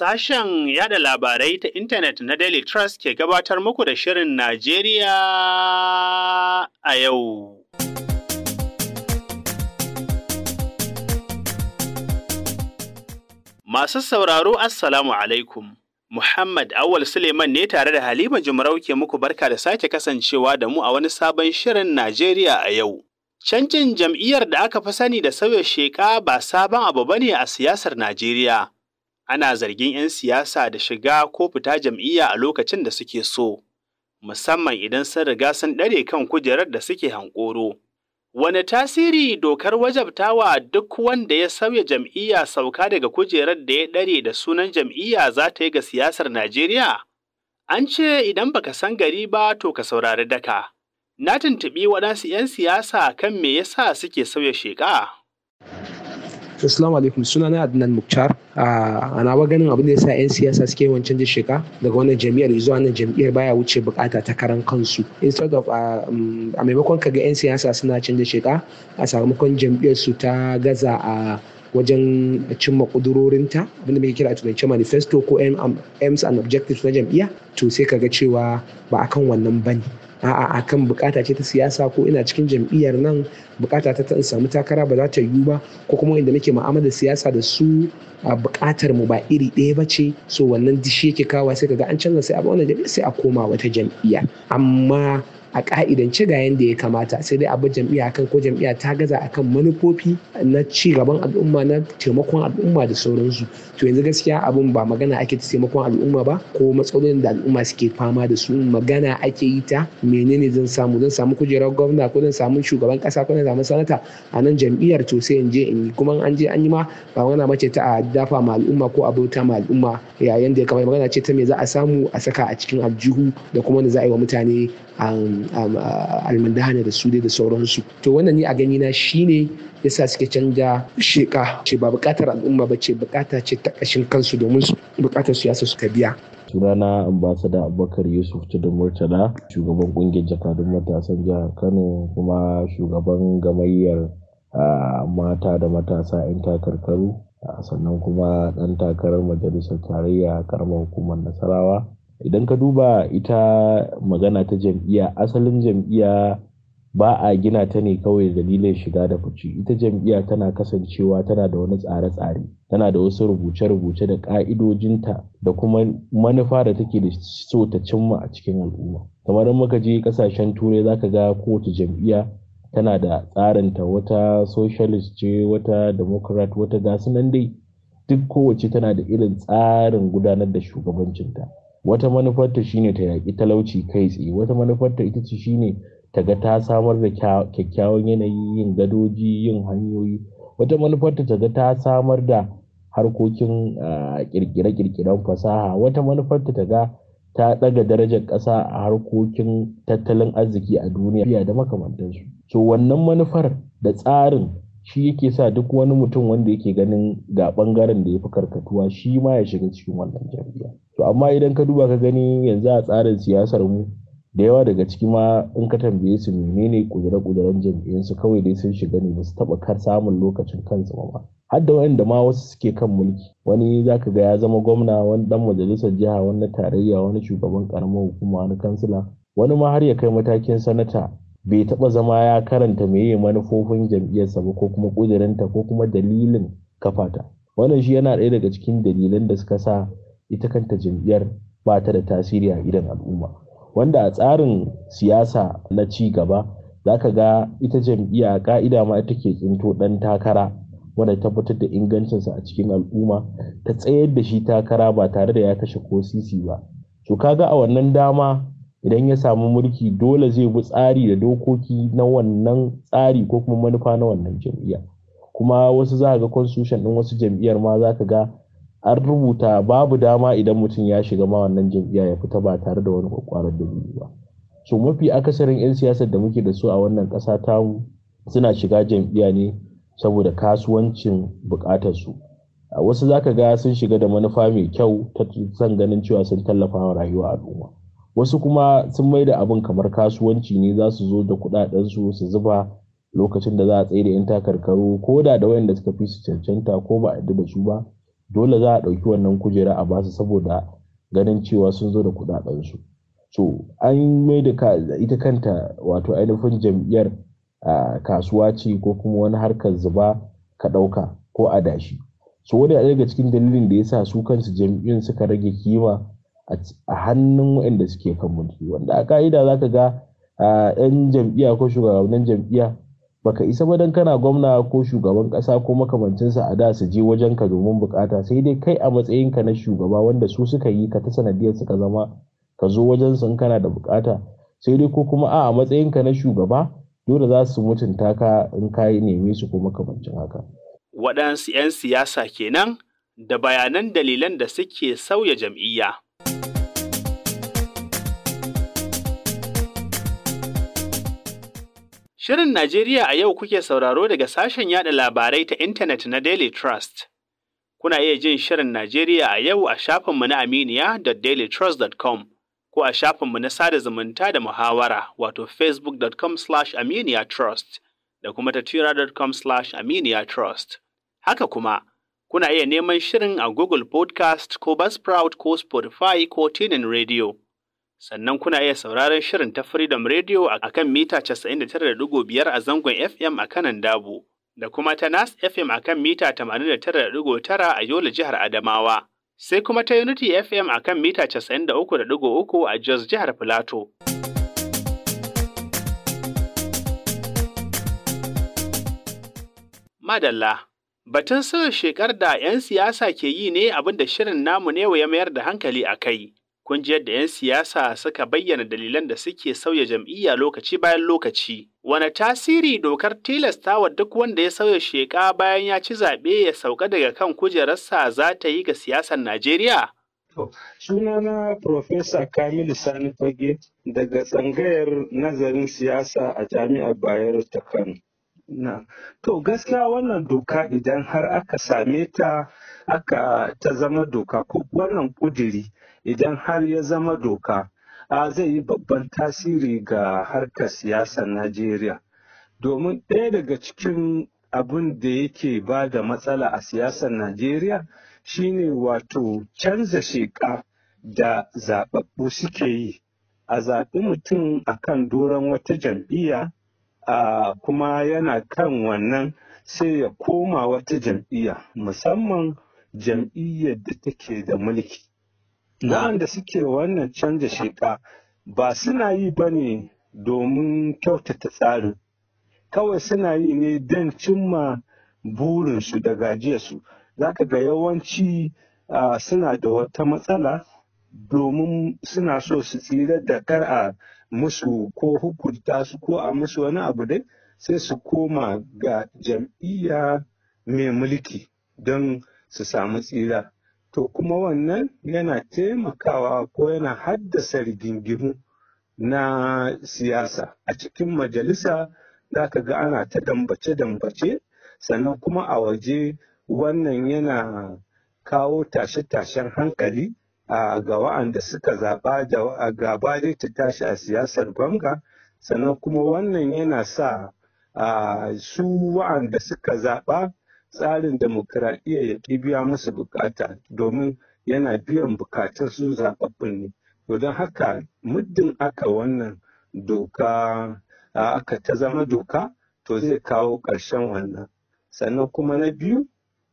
Sashen yada labarai ta intanet na Daily Trust ke gabatar muku da Shirin Najeriya a yau. Masu sauraro Assalamu alaikum. Muhammad Awal Suleiman ne tare da Halima Jumarau ke muku barka da sake kasancewa da mu a wani sabon Shirin Najeriya a yau. Canjin jam'iyyar da aka fi sani da sauya sheka ba sabon abu bane a siyasar Najeriya. ana zargin 'yan siyasa da shiga ko fita jam'iyya a lokacin da suke so, musamman idan sun riga sun ɗare kan kujerar da suke hankoro. Wane tasiri dokar wajabtawa duk wanda ya sauya jam'iyya sauka daga kujerar da ya ɗare da sunan jam'iyya za ta yi ga siyasar Najeriya? An ce idan baka san gari ba to ka saurari daka. Na tuntuɓi waɗansu 'yan siyasa kan me yasa suke sauya sheƙa. assalamu alaikum sunana adnan muktar a nawa ganin abin da yasa 'yan siyasa suke wancan da shiga daga wannan jami'ar? zuwa wannan jami'ar baya wuce bukata ta karan kansu instead of a mm, maimakon ga 'yan siyasa suna canza shiga a sakamakon jam'iyyar su ta gaza a wajen cimma kudurorinta abinda muke kira a turance manifesto ko aims and objectives na jam'iyya to sai ka ga cewa ba akan wannan bane a'a akan bukata ce ta siyasa ko ina cikin jam'iyyar nan bukata ta in samu takara ba za ta yiwu ba ko kuma inda muke mu'amalar siyasa da su a bukatar mu ba iri ɗaya ba ce so wannan dishi yake kawo sai ga an canza sai a wannan jam'iyya sai a koma wata jam'iyya amma a ka'idance ga yadda ya kamata sai dai abu jam'iyya kan ko jam'iyya ta gaza akan manufofi na ci gaban al'umma na taimakon al'umma da sauransu to yanzu gaskiya abun ba magana ake ta taimakon al'umma ba ko matsalolin da al'umma suke fama da su magana ake yi ta menene zan samu zan samu kujerar gwamna ko zan samu shugaban kasa ko zan samu sanata a nan jam'iyyar to sai in je in yi kuma an je an yi ma ba wani mace ta a dafa ma al'umma ko a bauta ma al'umma yayin da ya kamata magana ce ta me za a samu a saka a cikin aljihu da kuma da za a yi wa mutane um, almandahana da su dai da sauransu to wannan ni a gani na shine yasa suke canja sheka ce ba bukatar al'umma ba ce bukata ce ta kashin kansu domin bukatar su yasa suka biya sunana ambasada abubakar yusuf da murtala shugaban kungiyar jakadun matasan jihar kano kuma shugaban gamayyar mata da matasa 'yan takarkaru sannan kuma ɗan takarar majalisar tarayya karamar hukumar nasarawa idan ka duba ita magana ta jam'iyya asalin jam'iyya ba a gina ta ne kawai dalilin shiga da fice ita jam'iyya tana kasancewa tana da wani tsare-tsare tana da wasu rubuce-rubuce da ƙa'idojinta da kuma manufa da take da so ta cimma a cikin al'umma kamar in muka je kasashen turai zaka ga kowace jam'iyya tana da tsarinta wata socialist ce wata democrat wata gasu nan dai duk kowace tana da irin tsarin gudanar da shugabancinta wata manufarta shine ta yaƙi talauci kai tsaye wata manufarta ita ce shine ta ga ta samar da kyakkyawan yanayi yin gadoji yin hanyoyi wata manufarta ta ga ta samar da harkokin kirkire-kirkiren ah, fasaha wata manufarta ta ga ta ɗaga darajar ƙasa a harkokin tattalin arziki a duniya da makamantansu wannan manufar da tsarin shi yake sa duk wani mutum wanda yake ganin ga bangaren da ya fi karkatuwa shi ma ya shiga cikin wannan jam'iyya to amma idan ka duba ka gani yanzu a tsarin siyasar mu da yawa daga ciki ma in ka tambaye su menene kudure-kuduren jam'iyyun su kawai dai sun shiga ne ba su taba kar samun lokacin kansu ba har da wayanda ma wasu suke kan mulki wani zaka ga ya zama gwamna wani dan majalisar jiha wani tarayya wani shugaban karamar hukuma wani kansila wani ma har ya kai matakin sanata bai taɓa zama ya karanta meye manufofin jam'iyyarsa ba ko kuma ƙudurinta ko kuma dalilin kafata wannan shi yana ɗaya daga cikin dalilan da suka sa ita kanta jam'iyyar ba ta da tasiri a idan al'umma wanda a tsarin siyasa na ci gaba za ka ga ita jam'iyya ka'ida ma ita ke tsinto ɗan takara wanda tabbatar da ingancinsa a cikin al'umma ta tsayar da shi takara ba tare da ya kashe ko sisi ba to kaga a wannan dama idan ya samu mulki dole zai bi tsari da dokoki na wannan tsari ko kuma manufa na wannan jam'iyya kuma wasu za ga constitution din wasu jam'iyyar ma za ka ga an rubuta babu dama idan mutum ya shiga ma wannan jam'iyya ya fita ba tare da wani kwakwaran dalili ba so mafi akasarin 'yan siyasar da muke da su a wannan ƙasa tamu suna shiga jam'iyya ne saboda kasuwancin a wasu za ka ga sun shiga da manufa mai kyau ta san ganin cewa sun tallafa wa rayuwa al'umma wasu kuma sun mai da abin kamar kasuwanci ne za su zo da kudaden su su zuba lokacin da za a tsaye da 'yan takarkaru ko da da wayanda suka fi su cancanta ko ba a da su ba dole za a ɗauki wannan kujera a basu saboda ganin cewa sun zo da kudaden su so an mai da ita kanta wato ainihin jam'iyyar kasuwa ce ko kuma wani harkar zuba ka dauka ko adashi so wani daga cikin dalilin da yasa su kansu jam'iyyun suka rage kima a hannun waɗanda suke kan mulki wanda a ka'ida za ka ga yan jam'iyya ko shugabannin jam'iyya baka isa ba don kana gwamna ko shugaban ƙasa ko makamancinsa a da su je wajen ka domin bukata sai dai kai a matsayinka na shugaba wanda su suka yi ka ta sanadiyar suka zama ka zo wajen sun kana da bukata sai dai ko kuma a matsayinka na shugaba dole za su mutunta ka in ka neme su ko makamancin haka. Waɗansu 'yan siyasa kenan da bayanan dalilan da suke sauya jam'iyya. Shirin Najeriya a yau kuke sauraro daga sashen yada labarai ta intanet na Daily Trust. Kuna iya jin Shirin Najeriya a yau a shafinmu na aminiya.dailytrust.com ko a shafinmu na sada zumunta da muhawara wato facebook.com slash aminiya_trust da kuma tatira.com slash aminiya_trust. Haka kuma, kuna iya neman shirin a Google Podcast ko Buzzsprout ko Spotify ko Tunin Radio. sannan kuna iya sauraron shirin ta Freedom Radio a kan mita 99.5 a zangon FM a kanan Dabo, da kuma ta Nas FM a kan mita 89.9 a Yola jihar Adamawa, sai kuma ta Unity FM a kan mita 93.3 a Jos jihar Filato. Madalla Batun sauya shekar da 'yan siyasa ke yi ne abin da shirin namu ne ya mayar da hankali a kai. kungiyar da 'yan siyasa suka bayyana dalilan da suke sauya jam'iyya lokaci bayan lokaci. Wane tasiri dokar tilasta wa duk wanda ya sauya sheka bayan ya ci zaɓe ya sauka daga kan kujerarsa za ta yi ga siyasar Najeriya? Sunana Profesa Kamilu Sani Fage daga tsangayar nazarin siyasa a Jami'ar Bayero ta Na, to gaskiya wannan doka idan har aka same ta aka ta zama doka ko wannan kudiri idan har ya zama doka a zai yi babban tasiri ga harkar siyasar najeriya domin ɗaya daga cikin abin da yake ba da matsala a siyasar najeriya shine wato canza sheƙa da zaɓaɓɓu suke yi a zaɓi mutum a kan doron wata jam'iyya a kuma yana kan wannan sai ya koma wata jam'iyya musamman jam'iyyar da take da mulki waɗanda suke wannan canza sheka ba suna yi ba ne domin kyautata tsarin kawai suna yi ne don cimma burinsu da gajiyarsu za ka ga yawanci suna da wata matsala domin suna so su tsira da kar a musu ko hukunta su ko a musu wani abu dai sai su koma ga jam'iyya mai mulki don su samu tsira to kuma wannan yana taimakawa ko yana haddasa rigingimu na siyasa a cikin majalisa za ka ga ana ta dambace-dambace sannan kuma a waje wannan yana kawo tashe-tashen hankali ga wa'anda suka zaɓa da gaba dai ta tashi a siyasar banga sannan kuma wannan yana sa su wa'anda suka zaɓa tsarin demokuraɗiyya ya ƙi biya masa bukata domin yana biyan bukatar su zaɓaɓɓun ne. To don haka muddin aka wannan doka aka ta zama doka to zai kawo ƙarshen wannan. Sannan kuma na biyu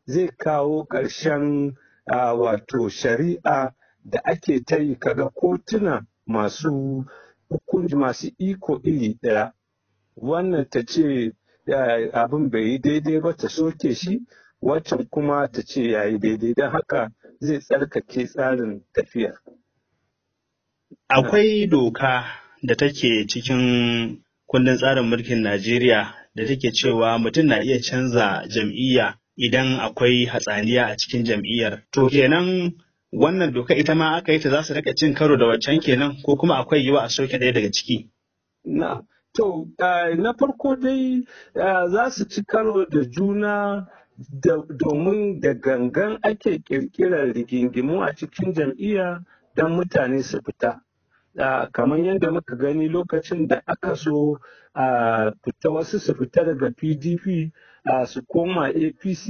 zai kawo ƙarshen wato shari'a da ake ta yi kaga kotuna masu hukunci masu iko iri ɗaya. Wannan ta ce abin bai yi daidai ba ta soke shi waccan kuma ta ce ya yi daidai don haka zai tsarkake tsarin tafiya. Akwai doka da take cikin kundin tsarin mulkin Najeriya da take cewa mutum na iya canza jam'iyya idan akwai hatsaniya a cikin jam'iyyar. To kenan wannan doka ita ma aka yi ta za su rika cin karo da waccan kenan ko kuma akwai yiwa a soke ɗaya daga ciki. Na'am. To, eh, na farko dai eh, za su ci karo da juna domin da gangan ake kirkirar rigingimu a cikin jam'iyya don mutane su fita. Eh, kamar yadda muka gani lokacin da aka so a fita wasu su fita daga pdp su koma apc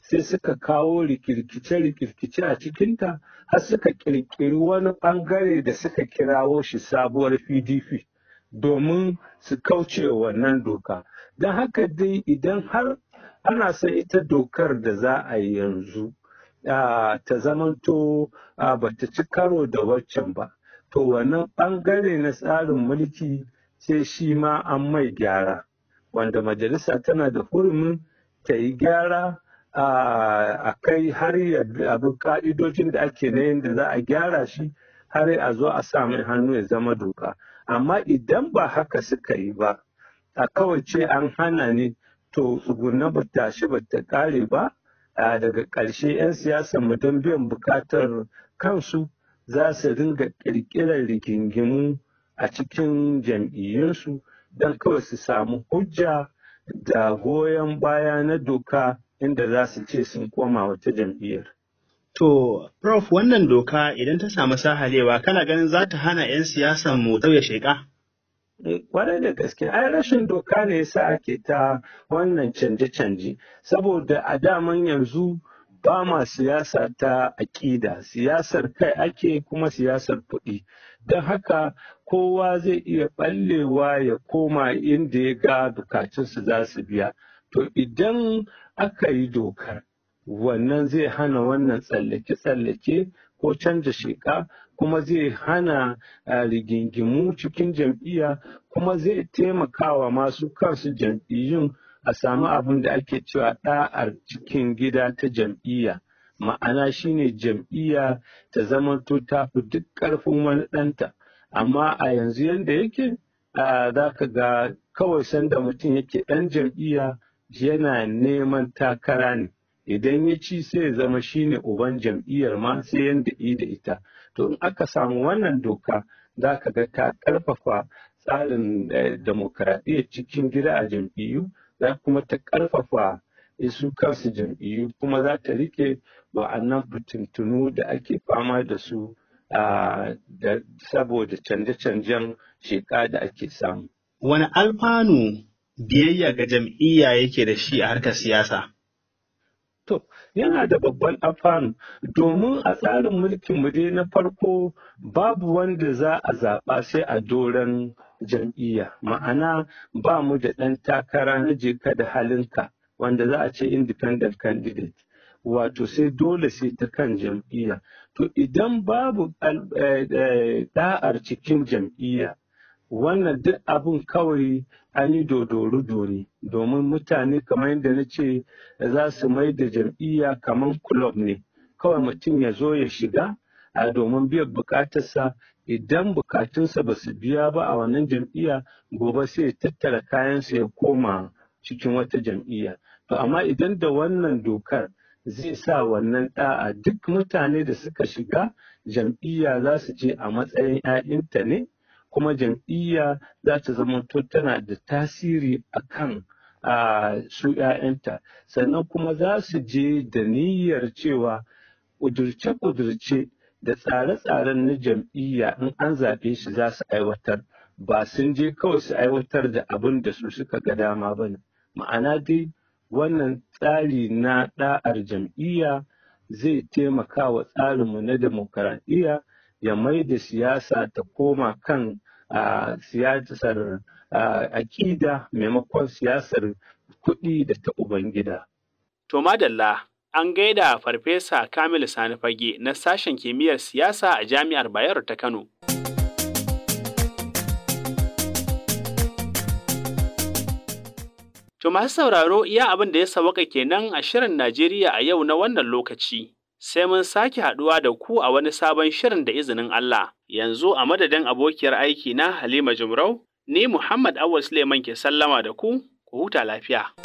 sai suka kawo rikirkice-rikirkice a cikinta har suka kirkiri wani bangare da suka kirawo shi sabuwar pdp domin su kauce wannan doka don haka dai idan har ana son ita dokar da za a yi yanzu ta zamanto ba ta ci karo da waccan ba to wannan ɓangare na tsarin mulki sai shi ma an mai gyara wanda majalisa tana da hurumin ta yi gyara a kai har abin ka'idojin da ake na da za a gyara shi har a zo a sa min hannu ya zama doka amma idan ba haka suka yi ba a kawai ce an hana ne to tsuguna ba ta shi ba ta kare ba daga ƙarshe 'yan siyasa mu don biyan buƙatar kansu za su ringa ƙirƙirar rigingimu a cikin jam'iyyunsu don kawai su samu hujja da goyon baya na doka inda za su ce sun koma wata jam'iyyar. To, Prof, wannan doka idan ta samu sahalewa kana ganin za ta hana 'yan siyasan mu sauya sheka. kwarai eh, da gaske ai rashin doka ne sa ake ta wannan canje-canje saboda a daman yanzu ba ma siyasa ta aƙida siyasar kai ake kuma siyasar kuɗi don haka kowa zai iya ɓallewa ya koma inda ya ga bukatunsu za su biya to idan aka yi dokar wannan zai hana wannan tsallake-tsallake ko canza sheka kuma zai hana rigingimu cikin jam'iyya kuma zai taimakawa masu kansu jam'iyyun a samu abin da ake cewa ɗa'ar cikin gida ta jam'iyya ma'ana shine jam'iyya ta zama ta fi duk ƙarfin wani ɗanta amma a yanzu yadda yake za ka ga kawai sanda mutum yake ɗan jam'iyya yana neman takara ne idan ya ci sai ya zama shine uban jam'iyyar ma sai yan i da ita to in aka samu wannan doka za ka ga ta karfafa tsarin eh, demokradiyyar cikin gida a jam'iyyu za kuma ta karfafa isu kansu jam'iyyu kuma za ta rike wa'annan fitintunu da ake fama da su saboda canje-canjen sheka da ake samu. Wani alfanu biyayya ga jam'iyya yake da shi a harkar siyasa? To, yana da babban alfanu domin a tsarin mulkinmu dai na farko babu wanda za a zaɓa sai a doron jam'iyya. Ma'ana ba mu da ɗan takara na jeka da halinka wanda za a ce independent candidate. Wato sai dole sai ta kan jam'iyya. To idan babu eh, eh, ɗa'ar cikin jam'iyya wannan duk abin kawai an yi dodori dori domin mutane kamar yadda na ce za su mai da jam'iyya kamar kulob ne kawai mutum ya zo ya shiga a domin biyan bukatarsa idan bukatunsa ba su biya ba a wannan jam'iyya gobe sai ya tattara kayansa ya koma cikin wata jam'iyya to amma idan da wannan dokar zai sa wannan da'a duk mutane da suka shiga jam'iyya za su je a matsayin 'ya'yanta ne kuma jam'iyya za ta zamanto tana da tasiri akan kan su 'ya'yanta sannan kuma za su je da niyyar cewa ƙudurce-ƙudurce da tsare-tsaren na jam'iyya in an zaɓe shi za su aiwatar ba sun je kawai su aiwatar da abin da su suka ga dama ba ne ma'ana dai wannan tsari na ɗa'ar jam'iyya zai taimaka wa tsarinmu na demokaradiyya ya mai da siyasa ta koma kan siyasar akida maimakon siyasar kuɗi da ta Ubangida. To madalla an gaida Farfesa Kamil Sani Fage na sashen kimiyyar siyasa a Jami'ar Bayero ta Kano. To masu sauraro iya abin da ya sawaka kenan a shirin Najeriya a yau na wannan lokaci. sai mun sake haɗuwa da ku a wani sabon shirin da izinin Allah. Yanzu a madadin abokiyar aiki na Halima Jumrau, ni Muhammad Awul Suleiman ke sallama da ku, ku huta lafiya.